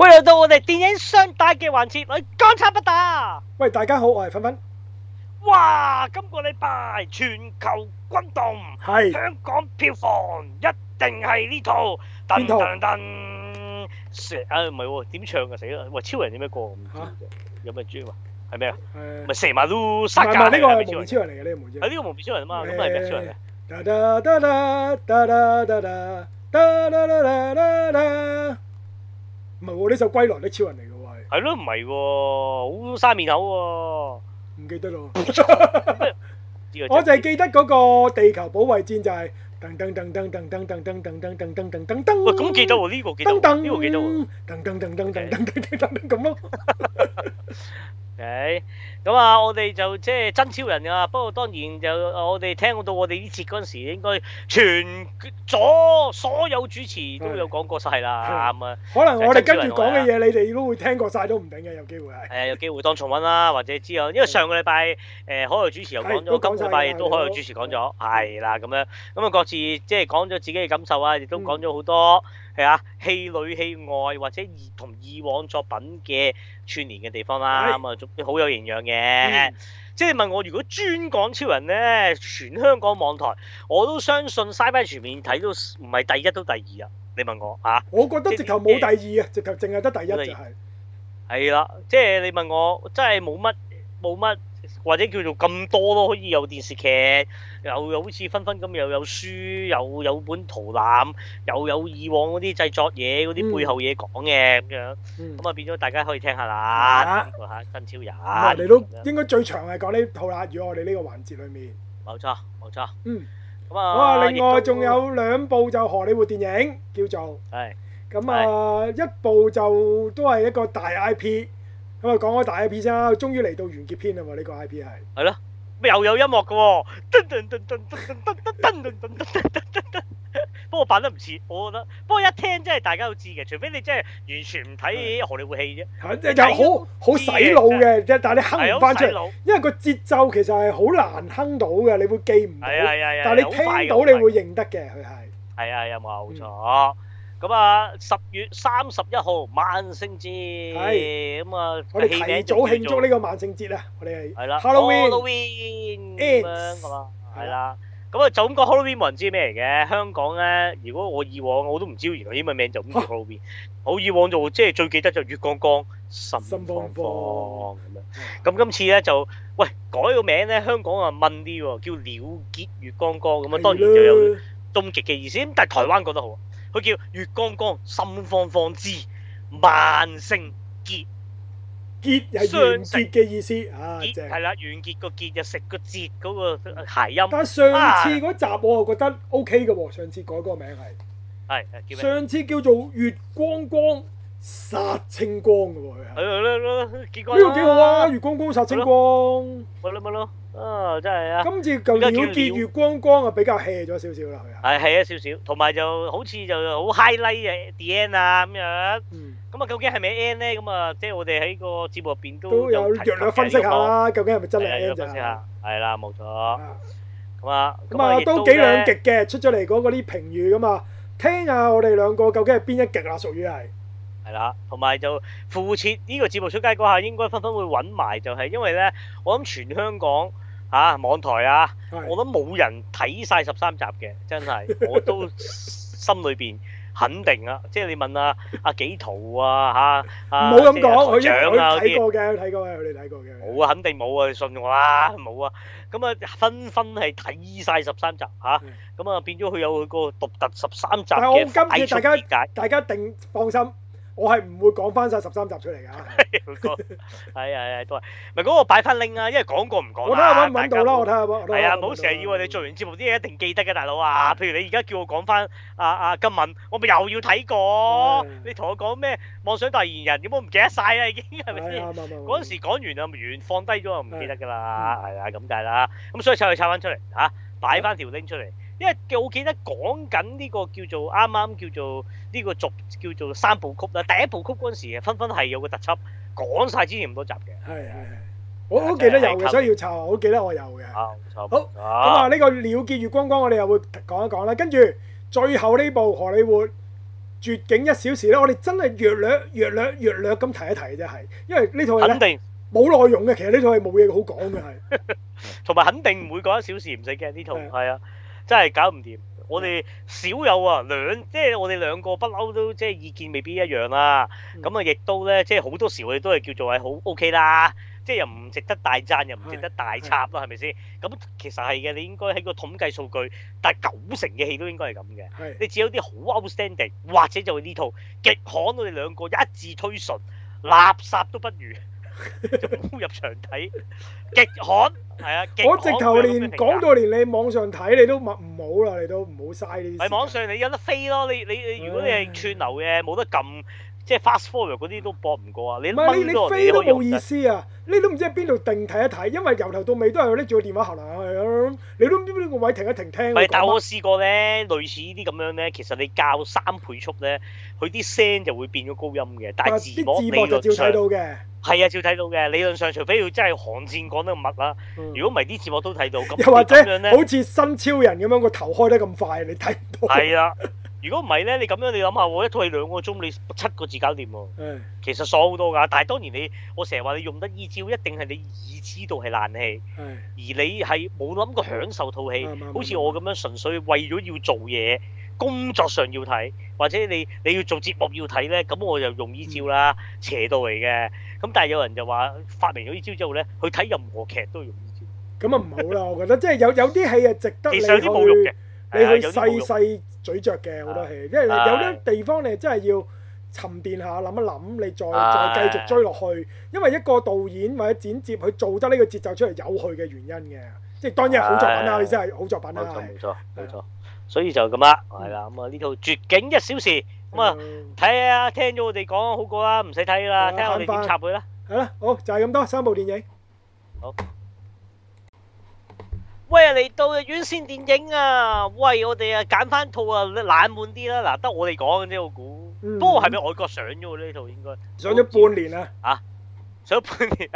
歡迎到我哋電影雙大嘅環節，我港產不打。喂，大家好，我係分分。哇，今個禮拜全球轟動，係香港票房一定係呢套。邊套？蛇啊，唔係喎，點唱啊？死啦！喂，超人點樣過？唔知有咩豬啊？係咩啊？咪成嘛都殺價啊？呢個《超人》嚟嘅呢個。啊，呢個《幪面超人》啊嘛，咁係咩超人咧？唔係我呢首《歸來》都超人嚟嘅喎，係。係咯，唔係喎，好生面口喎，啊，唔記， 記得咯。我就係記得嗰個《地球保衞戰》就係、是。喂，咁記得喎，呢個記得，呢個記得喎，噔噔噔噔咁咯，咁啊，我哋就即係新超人啊，不過當然就我哋聽到我哋呢節嗰陣時，應該全咗所有主持都有講過晒啦，啱啊，可能我哋跟住講嘅嘢，你哋都會聽過晒都唔定嘅，有機會係，係啊，有機會當重溫啦，或者之後，因為上個禮拜誒，海外主持又講咗，今個禮拜亦都海外主持講咗，係啦，咁樣，咁啊即係講咗自己嘅感受啊，亦都講咗好多係、嗯、啊，戲裏戲外或者同以往作品嘅串連嘅地方啦、啊，咁啊好有營養嘅。嗯、即係問我如果專講超人呢，全香港網台我都相信《SciFi 全面睇》都唔係第一都第二啊！你問我啊？我覺得直頭冇第二啊，嗯、直頭淨係得第一就係、是。係啦、嗯嗯啊，即係你問我真係冇乜冇乜。或者叫做咁多咯，可以有電視劇，又好似分分咁，又有書，又有本圖覽，又有以往嗰啲製作嘢嗰啲背後嘢講嘅咁樣，咁啊變咗大家可以聽下啦。嚇，新超人。你都應該最長係講呢套啦，如果我哋呢個環節裡面。冇錯，冇錯。嗯，咁啊，另外仲有兩部就荷里活電影，叫做，係，咁啊一部就都係一個大 IP。咁啊，講開大 I P 先啦，終於嚟到完結篇啦嘛！呢個 I P 係係咯，又有音樂嘅喎？不過扮得唔似，我覺得。不過一聽真係大家都知嘅，除非你真係完全唔睇荷里活戲啫。係，即係又好好洗腦嘅，但係你哼唔翻出嚟，因為個節奏其實係好難哼到嘅，你會記唔到。係係係。但係你聽到你會認得嘅，佢係。係係係，冇錯。咁啊，十月三十一號萬聖節，係咁啊，我哋提早慶祝呢個萬聖節啊，我哋係係啦，Halloween 咁樣噶嘛，係啦，咁啊就咁講 Halloween 冇人知咩嚟嘅？香港咧，如果我以往我都唔知，原來英文名就咁叫 Halloween，我以往就即係最記得就月光光、心慌慌咁樣，咁今次咧就喂改個名咧，香港啊問啲喎，叫了結月光光咁啊，當然就有終極嘅意思，咁但係台灣覺得好啊。佢叫月光光心慌慌，之萬聖結結係完結嘅意思結啊，係啦，完結個結就食個節嗰個諧音。但係上次嗰集我啊覺得 O K 嘅喎，上次改嗰個名係係、啊、上次叫做月光光殺清光嘅喎，呢個幾好啊！月光光殺清光，咪咯咪咯。啊啊啊啊啊啊啊啊哦、啊，真係啊！今次《了結月光光就點點》係係啊，比較 hea 咗少少啦，係啊。係啊，少少，同埋就好似就好 highlight 嘅 D N 啊咁樣。咁啊、嗯，究竟係咪 N 咧？咁啊，即係我哋喺個節目入邊都有樣樣分析下啦。究竟係咪真係 N 真係啦，冇已、啊、錯。咁啊，咁啊，都幾樣兩極嘅，出咗嚟嗰啲評語咁啊，聽下我哋兩個究竟係邊一極啊？屬於係。係啦，同埋就付設呢個節目出街嗰下，應該紛紛會揾埋就係因為咧，我諗全香港嚇網台啊，我都冇人睇晒十三集嘅，真係我都心裏邊肯定啊！即係你問阿阿幾圖啊嚇，唔好咁講，佢一佢睇過嘅，睇過嘅，佢睇過嘅冇啊，肯定冇啊！你信我啦，冇啊！咁啊，紛紛係睇晒十三集嚇，咁啊變咗佢有佢個獨特十三集嘅解讀，大家一定放心。我係唔會講翻晒十三集出嚟㗎，係係係都係，咪嗰個擺翻 link 啊，因為講過唔講啦。我睇下揾唔揾到啦，我睇下。係啊，唔好成日以為你做完節目啲嘢一定記得嘅，大佬啊，譬如你而家叫我講翻阿阿今敏，我咪又要睇過。你同我講咩妄想代言人，點解唔記得晒啊？已經係咪先？嗰陣時講完啊，咪完放低咗，唔記得㗎啦，係啊，咁解啦。咁所以拆去拆翻出嚟嚇，擺翻條 link 出嚟。因為我記得講緊呢個叫做啱啱叫做呢個續叫做三部曲啦，第一部曲嗰陣時分分係有個特輯講晒之前咁多集嘅。係係，我好記得有，所以要查。我記得我有嘅。喔、好。咁啊，呢個了結月光光，我哋又會講一講啦。跟住最後呢部荷里活絕境一小時咧，我哋真係略約略約略略略略咁提一提嘅啫，係。因為呢套係肯定冇內容嘅，其實呢套嘢冇嘢好講嘅係。同埋肯定唔會講一小時，唔使驚呢套。係啊。真係搞唔掂，我哋少有啊，兩即係我哋兩個不嬲都即係意見未必一樣啦。咁啊，亦、嗯、都咧即係好多時我哋都係叫做係好 OK 啦，即係又唔值得大讚，又唔值得大插啦，係咪先？咁其實係嘅，你應該喺個統計數據，但九成嘅戲都應該係咁嘅。的你只有啲好 outstanding，或者就呢套極罕我哋兩個一致推崇，垃圾都不如。入場睇極寒，係啊！我直頭連講到連你網上睇你都唔好啦，你都唔好嘥呢啲。喺網上你有得飛咯，你你如果你係串流嘅冇得撳，即係 fast forward 嗰啲都搏唔過啊！你飛你都冇意思啊！你都唔知喺邊度定睇一睇，因為由頭到尾都係拎住個電話喉嚨係咁。你都唔知呢個位停一停聽。咪但係我試過咧，類似呢啲咁樣咧，其實你校三倍速咧，佢啲聲就會變咗高音嘅，但係字幕你就照睇到嘅。係啊，照睇到嘅。理論上，除非要真係寒戰講得咁密啦。如果唔係，啲字幕都睇到咁。又或者好似新超人咁樣個頭開得咁快，你睇唔到。係啊，如果唔係呢，你咁樣你諗下，我一套戲兩個鐘，你七個字搞掂喎。嗯、其實爽好多㗎。但係當然你，我成日話你用得呢招，一定係你已知道係爛戲，嗯、而你係冇諗過享受套戲。嗯嗯嗯、好似我咁樣，純粹為咗要做嘢。工作上要睇，或者你你要做節目要睇咧，咁我就用依招啦，邪道嚟嘅。咁但係有人就話發明咗依招之後咧，去睇任何劇都用依招。咁啊唔好啦，我覺得即係有有啲戲啊值得你去，你去細細咀嚼嘅，好多戲，因為有啲地方你真係要沉澱下，諗一諗，你再再繼續追落去。因為一個導演或者剪接佢做得呢個節奏出嚟有佢嘅原因嘅，即係當然係好作品啦，你真係好作品啦。冇錯，冇錯，冇錯。所以就咁啦，係啦，咁啊呢套《絕境一小時》，咁啊睇啊，聽咗我哋講好過啦，唔使睇啦，聽下我哋點插佢啦，係啦，好就係咁多三部電影。好，喂嚟到院線電影啊，喂我哋啊揀翻套啊冷門啲啦，嗱得我哋講嘅啫，我估，不過係咪外國上咗呢套應該上咗半年啊，啊？上半年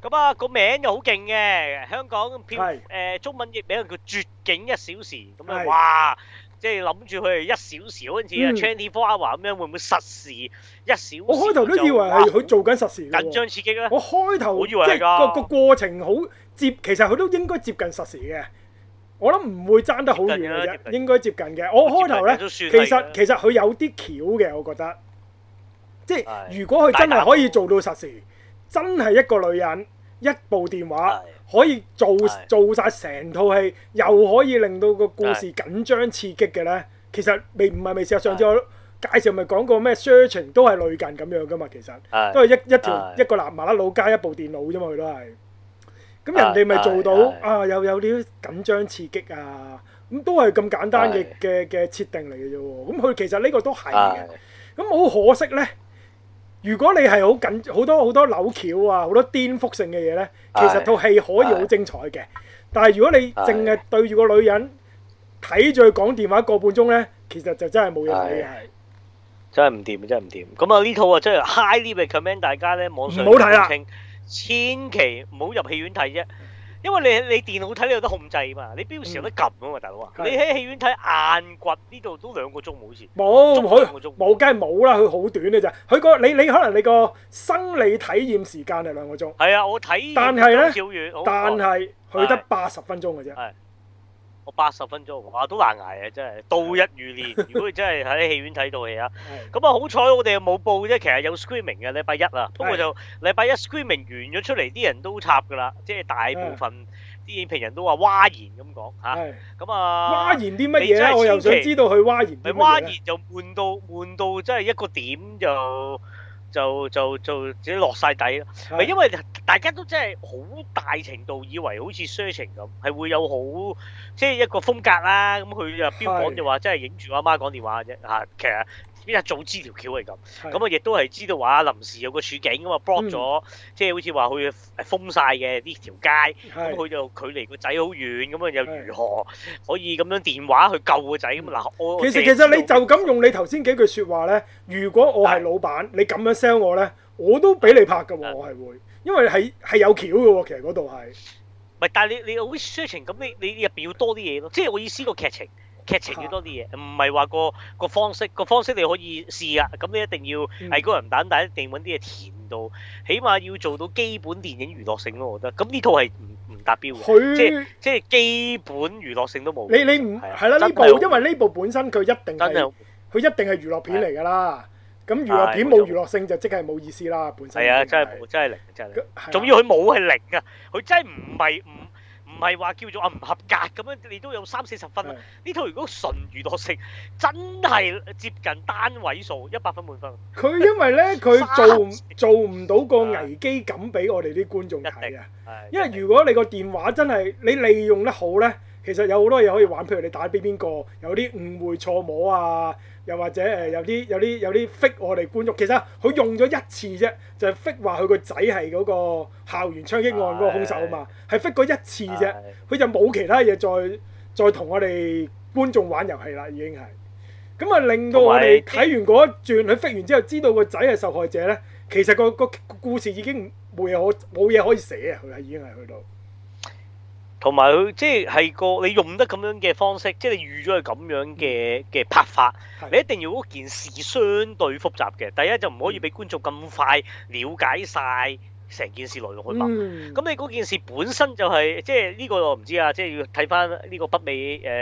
咁啊個名又好勁嘅，香港片是、呃、中文譯名叫《絕境一小時》咁樣，哇是！即係諗住佢係一小時好似啊《24小時》咁樣，會唔會實時一小時？我開頭都以為係佢做緊實時緊張刺激咧。我開頭以為即係個個過程好接，其實佢都應該接近實時嘅。我諗唔會爭得好遠嘅啫，應該接近嘅。我開頭咧，其實其實佢有啲巧嘅，我覺得。即係如果佢真係可以做到實時，真係一個女人一部電話可以做做晒成套戲，又可以令到個故事緊張刺激嘅呢？其實未唔係未事實上，上次我介紹咪講過咩 searching 都係類近咁樣噶嘛，其實都係一一條、哎、一個男麻甩佬加一部電腦啫嘛，佢都係咁，人哋咪做到、哎、啊，有有啲緊張刺激啊，咁都係咁簡單嘅嘅嘅設定嚟嘅啫，咁佢其實呢個都係嘅，咁好可惜呢。如果你係好緊好多好多扭橋啊，好多顛覆性嘅嘢呢，其實套戲可以好精彩嘅。的但係如果你淨係對住個女人睇住佢講電話個半鐘呢，其實就真係冇嘢睇係。真係唔掂，真係唔掂。咁啊呢套啊真係 highly recommend，大家呢，網上好睇啊，千祈唔好入戲院睇啫。因為你你電腦睇你有得控制啊嘛，你邊時有得撳啊嘛，大佬啊！嗯、你喺戲院睇硬骨呢度都兩個鐘冇好似，冇沒，冇，梗係冇啦，佢好短嘅咋，佢、嗰個你你可能你個生理體驗時間係兩個鐘，係啊，我睇是，好好但係咧，但係佢得八十分鐘嘅啫。我八十分鐘，哇都難捱啊！真係度日如年。如果你真係喺戲院睇套戲啊，咁啊、 嗯嗯、好彩我哋又冇報啫。其實有 screaming 嘅禮拜一啊，不過是的 就禮拜是的 一 screaming 完咗出嚟，啲人都插㗎啦，即係大部分啲影評人都話嘩然咁講吓。咁、嗯是的 嗯、啊嘩然啲乜嘢我又想知道去嘩然，嘩然就悶到悶到，即係一個點就。就就就只落晒底咯，唔係是的 因為大家都真係好大程度以為好似 searching 咁，係會有好即係一個風格啦。咁佢就標榜就話，是的 真係影住我媽講電話嘅啫吓，其實。邊日早知條橋係咁，咁啊亦都係知道話臨時有個處境咁啊，block 咗，嗯、即係好似話佢封晒嘅呢條街，咁佢是就距離個仔好遠，咁啊是又如何可以咁樣電話去救個仔？咁嗱，我其實我借 其實你就咁用你頭先幾句説話咧，如果我係老闆，是你咁樣 sell 我咧，我都俾你拍嘅，我係會，因為係係有橋嘅喎，其實嗰度係。唔係，但係你你好 researching 咁，你你入邊要多啲嘢咯，即係我意思個劇情。劇情要多啲嘢，唔係話個、嗰個方式，嗰個方式你可以試啊。咁你一定要係孤人蛋，但一定揾啲嘢填到，起碼要做到基本電影娛樂性咯。我覺得，咁呢套係唔唔達標嘅。佢即係即係基本娛樂性都冇。你你唔係啦，呢、啊、部因為呢 部本身佢一定係佢一定係娛樂片嚟㗎啦。咁娛樂片冇娛樂性就即係冇意思啦。本身係啊，真係真係零，真係零。總之佢冇係零啊，佢真係唔係唔。zero 唔係話叫做啊唔合格咁樣，你都有三四十分啊。呢是的 套如果純娛樂性，真係接近單位數，一百分滿分。佢因為呢，佢做次做唔到個危機感俾我哋啲觀眾睇㗎。因為如果你個電話真係你利用得好呢，其實有好多嘢可以玩，譬如你打俾邊個，有啲誤會錯摸啊。又或者誒，有啲有啲有啲 fit 我哋觀眾，其實佢用咗一次啫，就 fit 話佢個仔係嗰個校園槍擊案嗰個兇手啊嘛，係、哎、呀 fit 過一次啫，佢、哎、呀就冇其他嘢再再同我哋觀眾玩遊戲啦，已經係咁啊！令到我哋睇完嗰一轉，佢 fit 完之後知道個仔係受害者呢，其實、個個故事已經冇嘢可冇嘢可以寫啊！佢係已經係去到。同埋佢即係個你用得咁樣嘅方式，即係你預咗佢咁樣嘅嘅拍法，是的 你一定要嗰件事相對複雜嘅。第一就唔可以俾觀眾咁快了解晒。成件事來龍去脈，咁、嗯、你嗰件事本身就係即係呢個我唔知啊，即、就、係、是、要睇翻呢個北美誒，即、呃、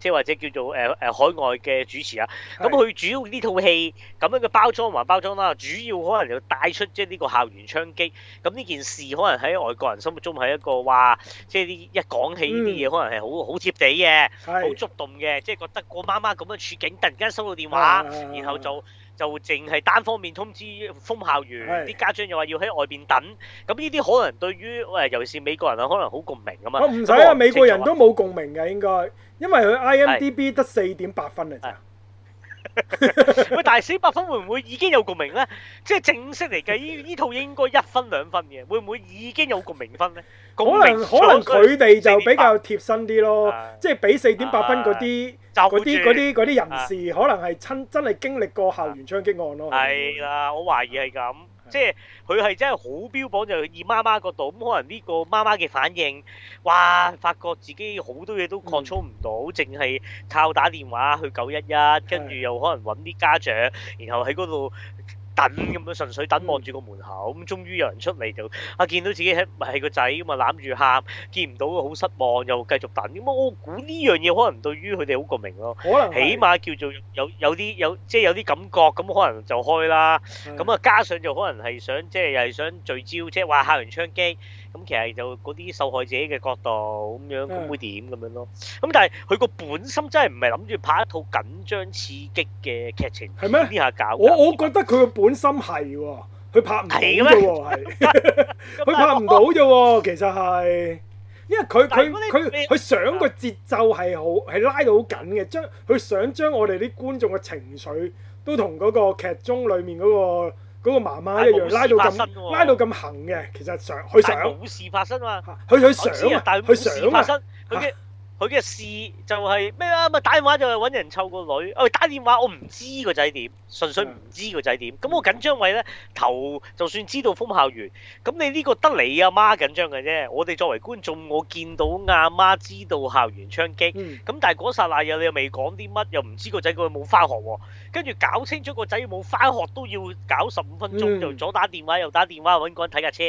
係或者叫做誒誒、呃呃、海外嘅主持啊。咁佢是主要呢套戲咁樣嘅包裝還包裝啦、啊，主要可能要帶出即係呢個校園槍擊。咁呢件事可能喺外國人心目中係一個哇，即係啲一講起呢啲嘢，可能係好好貼地嘅，好、嗯、觸動嘅，即係是覺得我媽媽咁樣處境，突然間收到電話，然後就。嗯嗯嗯嗯嗯嗯嗯就淨係單方面通知封校園，啲是的 家長又話要喺外邊等，咁呢啲可能對於喂，尤其是美國人啊，可能好共鳴啊嘛。唔使啊，嗯、美國人都冇共鳴㗎，應該，因為佢 IMDB 得四點八分嚟啫。喂， 但係四百分會唔會已經有共鳴呢？即係正式嚟計，呢依套應該一分兩分嘅，會唔會已經有共鳴分呢？可能可能佢哋就比較貼身啲咯，啊、即係俾四點八分嗰啲嗰啲嗰啲啲人士，可能係親、啊、真係經歷過校園槍擊案咯，係啦的，的我懷疑係咁。即係佢係真係好標榜就以媽媽角度，咁可能呢個媽媽嘅反應哇！發覺自己好多嘢都 control 唔到，淨係、嗯、靠打電話去九一一，跟住又可能揾啲家長，然後喺嗰度。等咁樣純粹等望住個門口，咁終於有人出嚟就，啊見到自己喺係個仔，咁啊攬住喊，見唔到好失望，又繼續等。咁我估呢樣嘢可能對於佢哋好過明咯，可能起碼叫做有有啲有即係有啲感覺咁，可能就開啦。咁啊加上就可能係想即係又係想聚焦即係話嚇完槍擊，咁其實就嗰啲受害者嘅角度咁樣，咁會點咁樣咯？咁但係佢個本心真係唔係諗住拍一套緊張刺激嘅劇情係咪？呢下搞。我我覺得佢嘅本本身係喎，佢拍唔到啫喎，佢是 拍唔到啫喎。 其實係，因為佢佢佢佢想個節奏係好係拉到好緊嘅，將佢想將我哋啲觀眾嘅情緒都同嗰個劇中裡面嗰、嗰個嗰、嗰個媽媽一樣拉到咁拉到咁恆嘅。其實想佢想冇事發生嘛，佢佢想啊，佢想啊，佢嘅事就係、是、咩啊？咪打電話就係揾人湊個女。哎，打電話我唔知個仔點，純粹唔知個仔點。咁我緊張位咧頭，就算知道封校園，咁你呢個得你阿媽，媽緊張嘅啫。我哋作為觀眾，我見到阿媽，媽知道校園槍擊，咁、嗯、但係嗰剎那嘢你又未講啲乜，又唔知個仔佢冇返學喎。跟住搞清楚個仔冇返學都要搞十五分鐘，就、嗯、左打電話右打電話揾個人睇架車。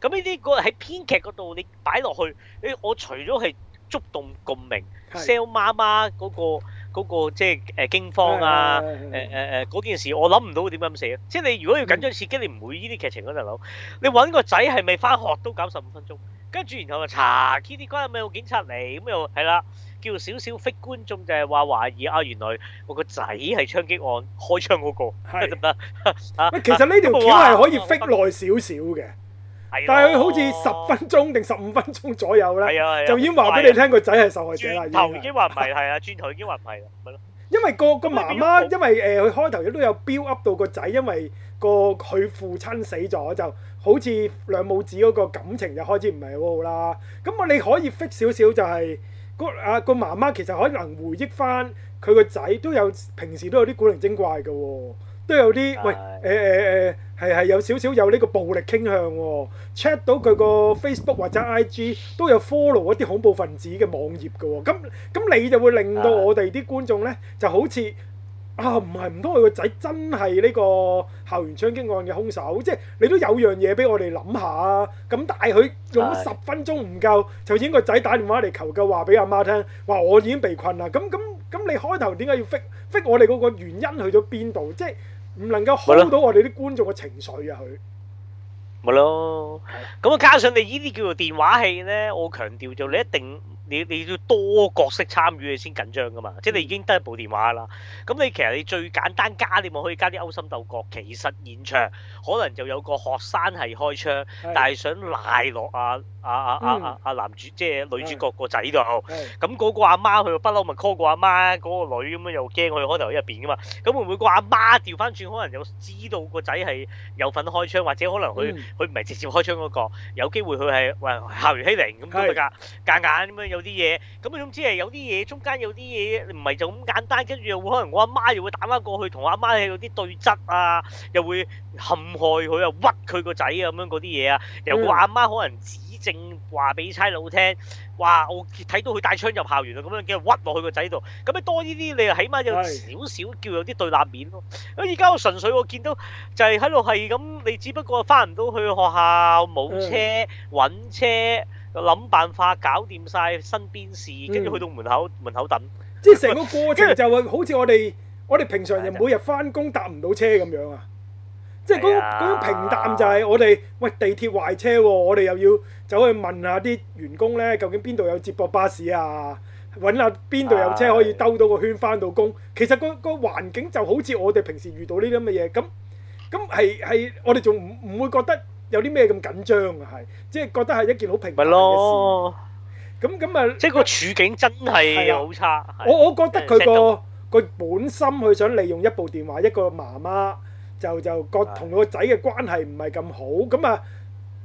咁呢啲個喺編劇嗰度你擺落去，你我除咗係。觸動共鳴，sell 媽媽嗰個嗰個即係誒驚慌啊！誒誒誒嗰件事我諗唔到點咁死啊！即係你如果要緊張刺激，你唔會呢啲劇情嗰陣佬。你揾個仔係咪翻學都搞十五分鐘？跟住然後查，Kitty 關係咪有警察嚟？咁又係啦，叫少少逼觀眾就係話懷疑啊！原來我個仔係槍擊案開槍嗰個得唔得啊？其實呢條橋係可以逼耐少少嘅。但係佢好似十分鐘定十五分鐘左右咧，啊啊、就已經話俾你聽個仔係受害者啦。已經話唔係係啦，轉頭已經話唔係啦， 因為個個媽媽，因為誒佢、呃、開頭亦都有 build up 到個仔，因為、個佢父親死咗，就好似兩母子嗰個感情就開始唔係好好啦。咁我你可以 fix 少少，就係個啊個媽媽其實可能回憶翻佢個仔都有平時都有啲古靈精怪嘅，都有啲的喂誒誒誒。欸欸欸欸欸欸欸係係有少少有呢個暴力傾向喎、哦，check 到佢個 Facebook 或者 IG 都有 follow 一啲恐怖分子嘅網頁嘅喎、哦，咁咁你就會令到我哋啲觀眾呢就好似啊唔係唔通佢個仔真係呢個校園槍擊案嘅兇手？即係你都有樣嘢俾我哋諗下啊！咁但係佢用咗十分鐘唔夠就影個仔打電話嚟求救話俾阿媽聽話，我已經被困啦！咁咁咁，你開頭點解要逼 i 我哋嗰個原因去到邊度？即係。唔能夠 hold 到我哋啲觀眾嘅情緒啊！佢咪咯，咁加上你呢啲叫做電話戲咧，我強調就你一定。你你要多角色參與你先緊張噶嘛？即係你已經得一部電話啦。咁你其實你最簡單加，你咪可以加啲勾心鬥角。其實現場可能就有個學生係開槍，的但係想賴落啊啊啊啊啊、嗯、男主，即係女主角的個仔度。咁嗰個阿媽佢不嬲咪 call 個阿媽嗰個女咁樣又驚佢開頭喺入邊噶嘛？咁會唔會個阿媽調翻轉可能有知道個仔係有份開槍，或者可能佢佢唔係直接開槍嗰個，有機會佢係話校園欺凌咁樣㗎，夾硬咁樣有。啲嘢咁啊，總之係有啲嘢中間有啲嘢唔係就咁簡單，跟住又會可能我阿媽又會打翻過去，同阿媽喺度啲對質啊，又會陷害佢啊，屈佢個仔啊。咁樣嗰啲嘢啊，又話阿媽可能指證話俾差佬聽，哇！我睇到佢帶槍入校園啊，咁樣叫屈落去個仔度，咁你多呢啲你啊，起碼有少少叫有啲對立面咯。咁而家我純粹我見到就係喺度係咁，你只不過翻唔到去學校，冇車揾車。諗辦法搞掂晒身邊事，跟住去到門口，門口等，即係成個過程就係好似我哋我哋平常人每日翻工搭唔到車咁樣啊！即係嗰嗰種平淡就係我哋喂地鐵壞車，我哋又要走去問下啲員工呢，究竟邊度有接駁巴士啊？搵下邊度有車可以兜到個圈翻到工。其實個個環境就好似我哋平時遇到呢啲咁嘅嘢，咁咁係係我哋仲唔唔會覺得？有啲咩咁緊張啊？係，即係覺得係一件好平凡嘅事。咪咯，咁咁啊，即係個處境真係好差。我我覺得佢、嗰個佢本心去想利用一部電話，一個媽媽就就個同個仔嘅關係唔係咁好，咁啊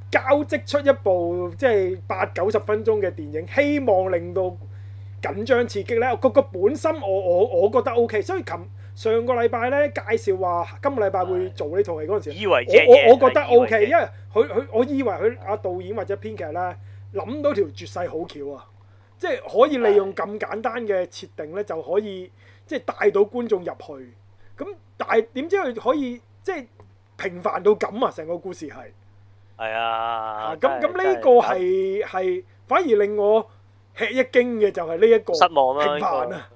交織出一部即係八九十分鐘嘅電影，希望令到緊張刺激咧。個個本心我我我覺得 OK，所以琴，上個禮拜咧介紹話，今個禮拜會做呢套戲嗰陣時以為即係我，我我覺得 O、OK, K，因為佢佢我以為佢阿導演或者編劇咧諗到條絕世好橋啊，即係可以利用咁簡單嘅設定咧就可以即係帶到觀眾入去。咁但係點知佢可以即係平凡到咁啊？成個故事係係、哎、呀啊，咁咁呢個係係是反而令我吃一驚嘅就係呢一個失望啦，平凡啊，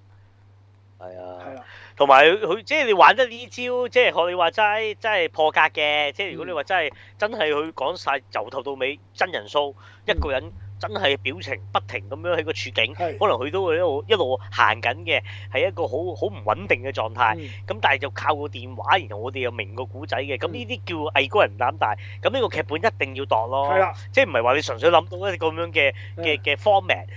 係、哎、啊，係啦。同埋佢即係你玩得呢招，即係學你話齋，真係破格嘅。即係如果你話真係真係佢講晒，由頭到尾真人 show、嗯、一個人，真係表情不停咁樣喺個處境，是的 可能佢都會一路一路行緊嘅，係一個好好唔穩定嘅狀態。咁、嗯、但係就靠個電話，然後我哋又明個故仔嘅。咁呢啲叫藝高人膽大。咁呢個劇本一定要度咯，是的 即係唔係話你純粹諗到一啲咁樣嘅嘅嘅 format。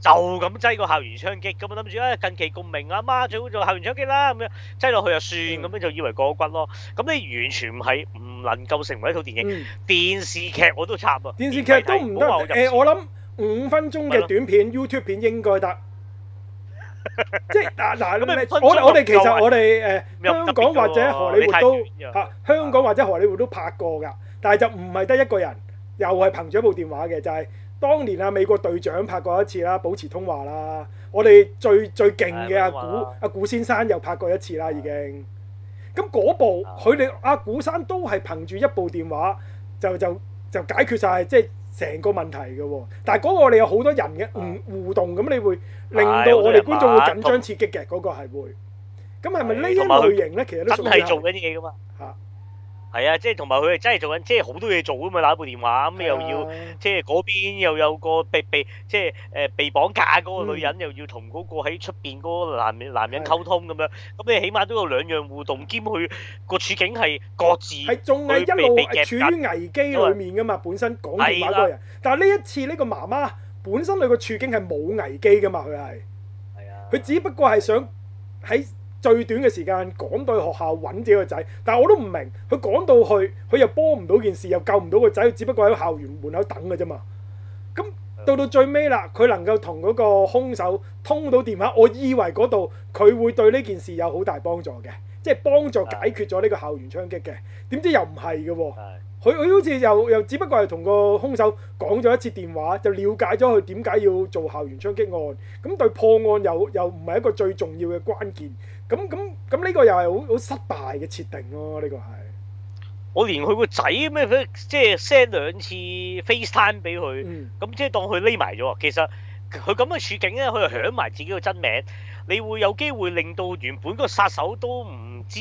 就咁擠個校園槍擊，咁我諗住啊，近期共鳴阿、啊、嘛，最好做校園槍擊啦，咁樣擠落去就算咁、嗯、樣，就以為過骨咯。咁你完全唔係唔能夠成為一套電影。嗯、電視劇我都插啊。電視劇都唔得誒，我諗五分鐘嘅短片 YouTube 片應該得。 即係嗱嗱咁，我我哋其實我哋誒、呃、香港或者荷里活都嚇、啊、香港或者荷里活都拍過㗎，但係就唔係得一個人，又係憑住一部電話嘅就係、是。當年啊，美國隊長拍過一次啦，保持通話啦。我哋最最勁嘅，哎，阿古阿古先生又拍過一次啦，是的 已經。咁嗰部佢哋是的 阿古山都係憑住一部電話就就就解決晒，即係成個問題嘅。但係嗰個我哋有好多人嘅，嗯是的 互動咁，你會令到我哋觀眾會緊張刺激嘅。嗰，嗰個係會。咁係咪呢一類型咧？其實都係做緊嘢噶嘛。嗯係啊，即係同埋佢係真係做緊，即係好多嘢做咁嘛。打部電話咁你、啊、又要，即係嗰邊又有個被被，即係誒被綁架嗰個女人，嗯、又要同嗰個喺出邊嗰個男男人溝通咁樣，啊、樣，咁你起碼都有兩樣互動，兼佢個處境係各自佢被一處於危機裡面噶嘛，本身講電話嗰個人，但係呢一次呢個媽媽本身佢個處境係冇危機噶嘛，佢係，係啊，佢、啊、只不過係想喺。最短嘅時間趕到去學校揾自己個仔，但係我都唔明，佢趕到去，佢又幫唔到件事，又救唔到個仔，佢只不過喺校園門口等嘅啫嘛。咁到到最尾啦，佢能夠同嗰個兇手通到電話，我以為嗰度佢會對呢件事有好大幫助嘅，即係幫助解決咗呢個校園槍擊嘅，點知又唔係嘅喎。佢佢好似又又只不過係同個兇手講咗一次電話，就了解咗佢點解要做校園槍擊案。咁對破案又又唔係一個最重要嘅關鍵。咁咁咁呢個又係好好失敗嘅設定咯、啊。呢、呢個係我連佢個仔咩？即係 send 兩次 FaceTime 俾佢，咁、嗯、即係當佢匿埋咗。其實佢咁嘅處境咧，佢又響埋自己個真名。你會有機會令到原本個殺手都唔知。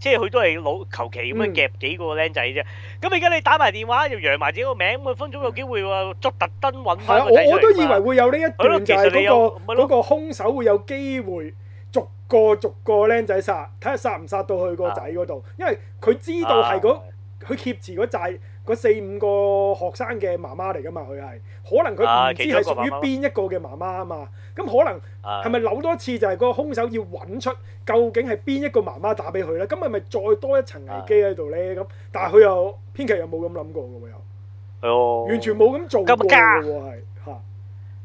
即係佢都係老求其咁樣夾幾個僆仔啫。咁而家你打埋電話又揚埋自己個名，每分鐘有機會捉特登揾個仔嚟。我都以為會有呢一段就、嗰個，就係、嗰個嗰個兇手會有機會逐個逐個僆仔殺，睇下殺唔殺到佢個仔嗰度，啊、因為佢知道係佢挾持嗰債。嗰四五個學生嘅媽媽嚟噶嘛，佢係可能佢唔知係屬於邊一個嘅媽媽啊嘛，咁可能係咪扭多次就係個兇手要揾出究竟係邊一個媽媽打俾佢咧？咁係咪再多一層危機喺度咧？咁但係佢又編劇又冇咁諗過喎，又係完全冇咁做過、哦，加喎係是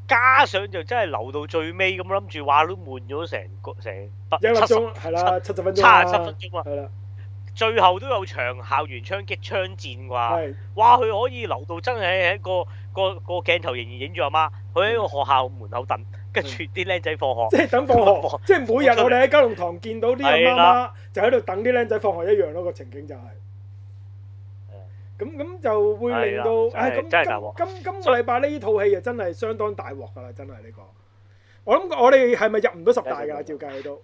加上就真係留到最尾咁諗住話都悶咗成個成一粒鐘係啦，七十分鐘七十七分鐘啊，係啦。最後都有場校園槍擊槍戰啩，的哇！佢可以留到真係喺個一個一個鏡頭仍然影住阿媽，佢喺個學校門口等，跟住啲僆仔放學，嗯、即係等放學，放即係每日我哋喺九龍塘見到啲阿媽，媽的就喺度等啲僆仔放學一樣咯，個情景就係、是。哦的，咁咁就會令到，係真、哎、今真真今，今，今，今個禮拜呢套戲又真係相當大鑊㗎啦，真係呢、呢個。我諗我哋係咪入唔到十大㗎啦？照計都。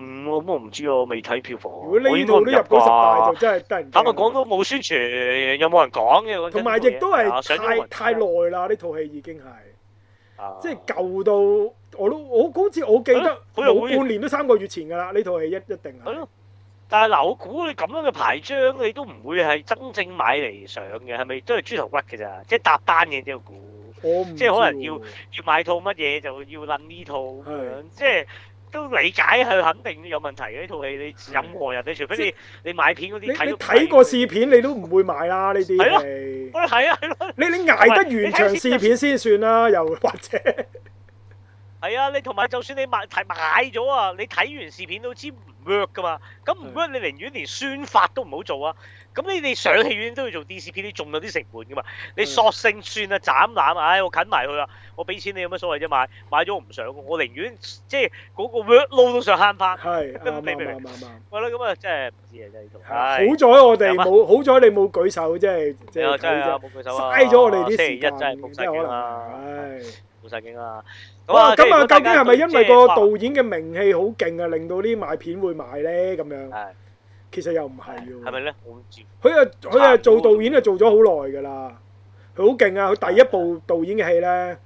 唔，我冇，唔知，我未睇票房。如果呢度都入到十大就真係突然。坦白講，都冇宣傳，有冇人講嘅，同埋亦都係太太耐啦，呢套戲已經係，即係舊到我都我好似我記得好似好半年都三個月前噶啦，呢套戲一一定。係咯，但係嗱，我估你咁樣嘅牌張，你都唔會係真正買嚟上嘅，係咪都係豬頭骨嘅咋？即係搭班嘅，啲我估。我唔。即係可能要要買套乜嘢，就要諗呢套咁樣，即係。都理解佢肯定有問題嘅呢套戲，你任何人你除非你你買片嗰啲睇睇過試片，你都唔會買啦呢啲，係咯，睇啊，係咯，你你捱得完場試片先算啦，又或者係啊，你同埋就算你買睇買咗啊，你睇完試片都知 work 噶嘛，咁唔該你寧願連宣發都唔好做啊。咁你哋上戲院都要做 D C P，你仲有啲成本噶嘛？你索性算啊，斬纜啊！唉，我近埋佢啦，我俾錢你有乜所謂啫？買買咗我唔上，我寧願即係嗰個咩，攞到上慳翻。係，明唔明？明明係咯，咁啊，即係唔知啊，真係好彩。我哋冇，好彩你冇舉手，即係即係冇舉手。嘥咗我哋啲時間。一真係冇曬啦，唉，冇曬景啦。哇，咁啊，究竟係咪因為個導演嘅名氣好勁啊，令到啲賣片會賣咧咁樣？其實又唔係喎，係咪咧？佢佢啊做導演啊做咗好耐噶啦，佢好勁啊！佢第一部導演嘅戲咧，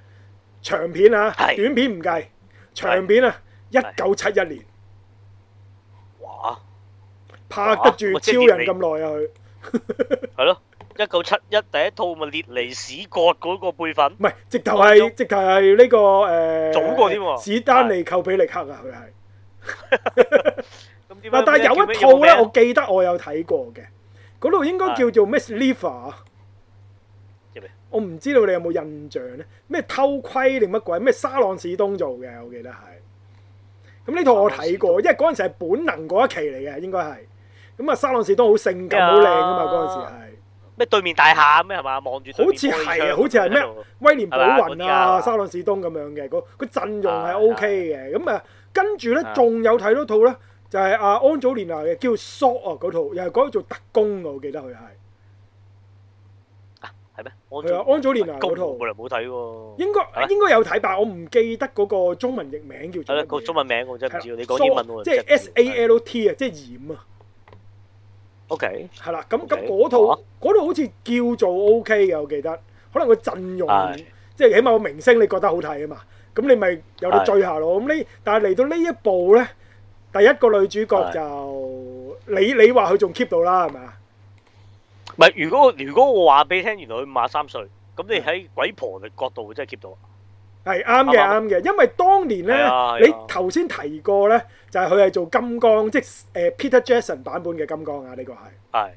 長片啊，短片唔計，長片啊，一九七一年，哇，拍得住超人咁耐啊！佢係咯，一九七一第一套咪列尼史葛嗰個輩份，唔係，直頭係直頭係呢個誒早過添，史丹利寇比力克啊！佢係。嗱，但係有一套咧，我記得我有睇過嘅，嗰度應該叫做 Miss Sliver，我唔知道你有冇印象咧？咩偷窺定乜鬼？咩沙朗士東做嘅，我記得係。咁呢套我睇過，因為嗰陣時係本能嗰一期嚟嘅，應該係。咁啊，沙朗士東好性感、好靚㗎嘛，嗰陣時係。咩對面大廈咩係嘛？望住好似係，園好似係咩威廉保雲啊，沙朗士東咁樣嘅，那個個陣容係 OK 嘅。咁啊，跟住咧仲有睇到一套咧。就係阿安祖蓮娜嘅叫 Salt 啊，嗰套又係嗰度做特工嘅，我記得佢係啊，係咩？係啊，安祖蓮娜嗰套冇嚟冇睇喎。應該應該有睇吧？我唔記得嗰個中文譯名叫。係啦，個中文名我真係唔知。你講英文喎，即係 Salt 啊，即係鹽啊。OK，係啦，咁咁嗰套嗰套好似叫做 OK 嘅，我記得。可能個陣容即係起碼個明星你覺得好睇啊嘛。咁你咪有得追下咯。咁呢？但係嚟到呢一部咧。第一個女主角就的你你話佢仲 keep 到啦係咪？唔係，如果如果我話俾你聽，原來佢五十三歲，咁你喺鬼婆嘅角度會真係 keep 到啊？係啱嘅啱嘅，因為當年咧，你頭先提過咧，就係佢係做金剛，即係誒 Peter Jackson 版本嘅金剛啊，呢、這個係係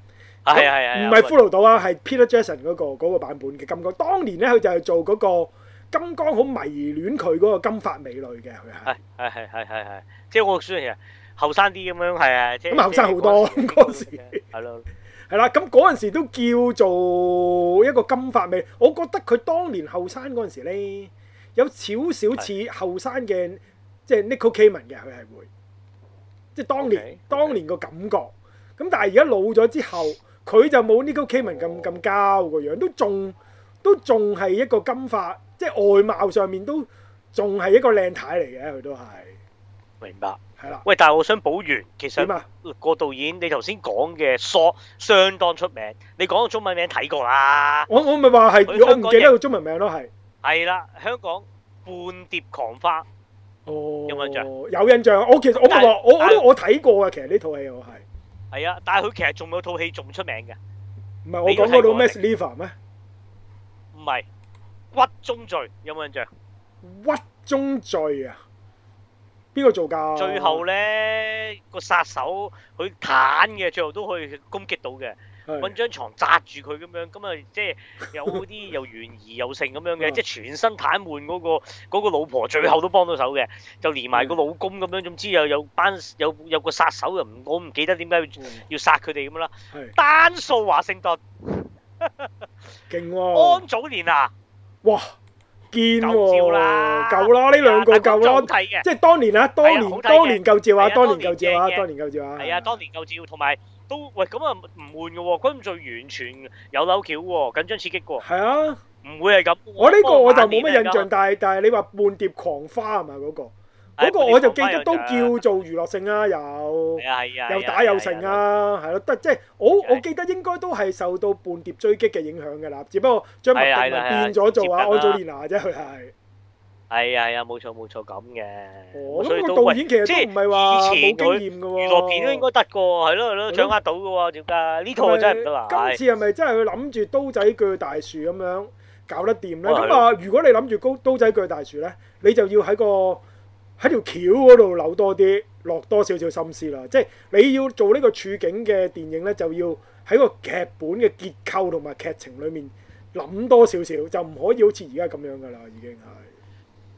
係係係唔係骷髏島啊？係 Peter Jackson 嗰、那個那個版本嘅金剛，當年咧，佢就係做嗰、那個。金剛好迷戀佢嗰個金髮美女嘅，係咪？係係係係係，即係我算係後生啲咁樣，係啊，咁後生好多嗰時，係咯，係啦 Okay, hello.、嗯，咁嗰陣時都叫做一個金髮美女。我覺得佢當年後生嗰陣時咧，有少少似後生嘅，即係 Nicole Kidman 嘅，佢係會，即係當年 okay, okay. 當年個感覺。咁但係而家老咗之後，佢就冇 Nicole Kidman 咁咁嬌個樣，都仲。都仲係一個金髮，即係外貌上面都仲係一個靚太嚟嘅，佢都係明白。係啦，喂，但係我想補完，其實個導演你頭先講嘅索相當出名，你講個中文名睇過啦。我我咪話係我唔記得個中文名咯，係係啦，香港半碟狂花。哦，有印象，有印象。我其實我我我我睇過啊，其實呢套戲我係係啊，但係佢其實仲有套戲仲出名嘅，唔係我講嗰套《Mass Liva》咩？唔係屈中罪有冇印象？屈中罪啊？邊個做㗎？最後咧個殺手佢坦嘅，最後都可以攻擊到嘅，搵張是的 床扎住佢咁樣，咁啊即係有啲又懸疑又剩咁樣嘅， 即係全身癱瘓嗰個、嗰個老婆最後都幫到手嘅，就連埋個老公咁樣，總之又有班有有個殺手又唔我唔記得點解要殺佢哋咁樣啦，丹素華盛頓。的的 勁喎！安早年啊，哇，堅喎！舊啦，夠啦，呢兩個夠啦，即係當年啊，當年當年舊照啊，當年舊照啊，當年舊照啊，係啊，當年舊照，同埋都喂咁啊，唔換嘅喎，跟住完全有扭巧喎，緊張刺激過，係啊，唔會係咁，我呢個我就冇乜印象，但係但係你話半碟狂花係咪嗰個？嗰個我就記得都叫做娛樂性啊，又又打又成啊，係咯，得即係我我記得應該都係受到半碟追擊嘅影響嘅啦。只不過張柏芝變咗做阿安祖蓮娜啫，佢係係啊係啊，冇錯冇錯咁嘅。哦，咁個導演其實都唔係話冇經驗嘅喎，娛樂片都應該得嘅喎，係咯係咯，掌握到嘅喎，點解呢套真係得啦？今次係咪真係佢諗住刀仔鋸大樹咁樣搞得掂咧？咁啊，如果你諗住高刀仔鋸大樹咧，你就要喺個，喺條橋嗰度扭多啲，落多少少心思啦。即係你要做呢個處境嘅電影呢，就要喺個劇本嘅結構同埋劇情裡面諗多少少，就唔可以好似而家咁樣噶啦，已經係。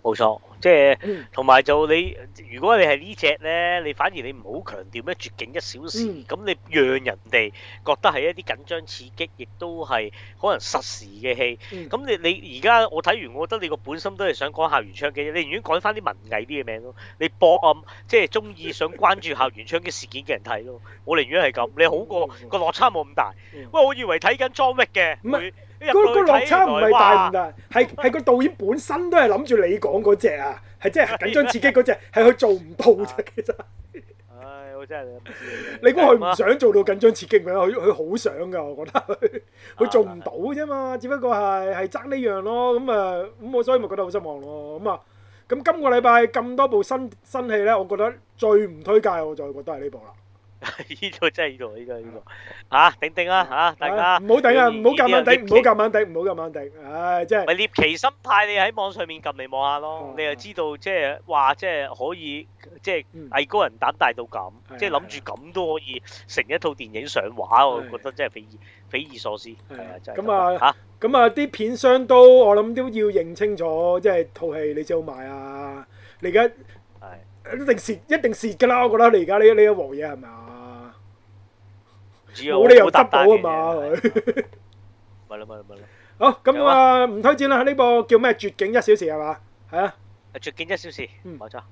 冇錯，即係同埋就你，如果你係呢隻呢，你反而你唔好強調咩絕境一小時，咁、嗯、你讓人哋覺得係一啲緊張刺激，亦都係可能實時嘅戲。咁、嗯、你你而家我睇完，我覺得你個本心都係想講校園槍擊嘅，你寧願改翻啲文藝啲嘅名咯，你播暗即係中意想關注校園槍擊事件嘅人睇咯。我寧願係咁，你好過個落差冇咁大。喂、嗯，嗯、我以為睇緊 John Wick 嘅。麼個落差唔係大唔大，係係個導演本身都係諗住你講嗰隻啊，係即係緊張刺激嗰隻，係佢做唔到咋其實。唉、 哎，我真係 你估佢唔想做到緊張刺激咩？佢佢 好想㗎，我覺得佢做唔到啫嘛，只不過係係爭呢樣咯。咁啊咁我所以咪覺得好失望咯。咁啊咁今個禮拜咁多部新新戲咧，我覺得最唔推介我就係覺得係呢部啦。呢度真係呢度，呢個呢個，吓頂頂啦吓，大家唔好頂啊，唔好夾硬頂，唔好夾硬頂，唔好夾硬頂，唉，真係。咪獵奇心態，你喺網上面撳嚟，望下咯，你又知道即係話即係可以即係藝高人膽大到咁，即係諗住咁都可以成一套電影上畫，我覺得真係匪夷匪夷所思，係嘛？咁啊吓，咁啊啲片商都我諗都要認清楚，即係套戲你 sell 埋啊，你而家。一定蝕，一定蝕噶啦！我覺得你而家呢呢一鑊嘢係嘛，冇理由得到，啊嘛佢。冇啦冇啦冇啦。好，咁我唔推薦啦。呢部叫咩？絕境一小時係嘛？係啊。絕境一小時，嗯，冇錯。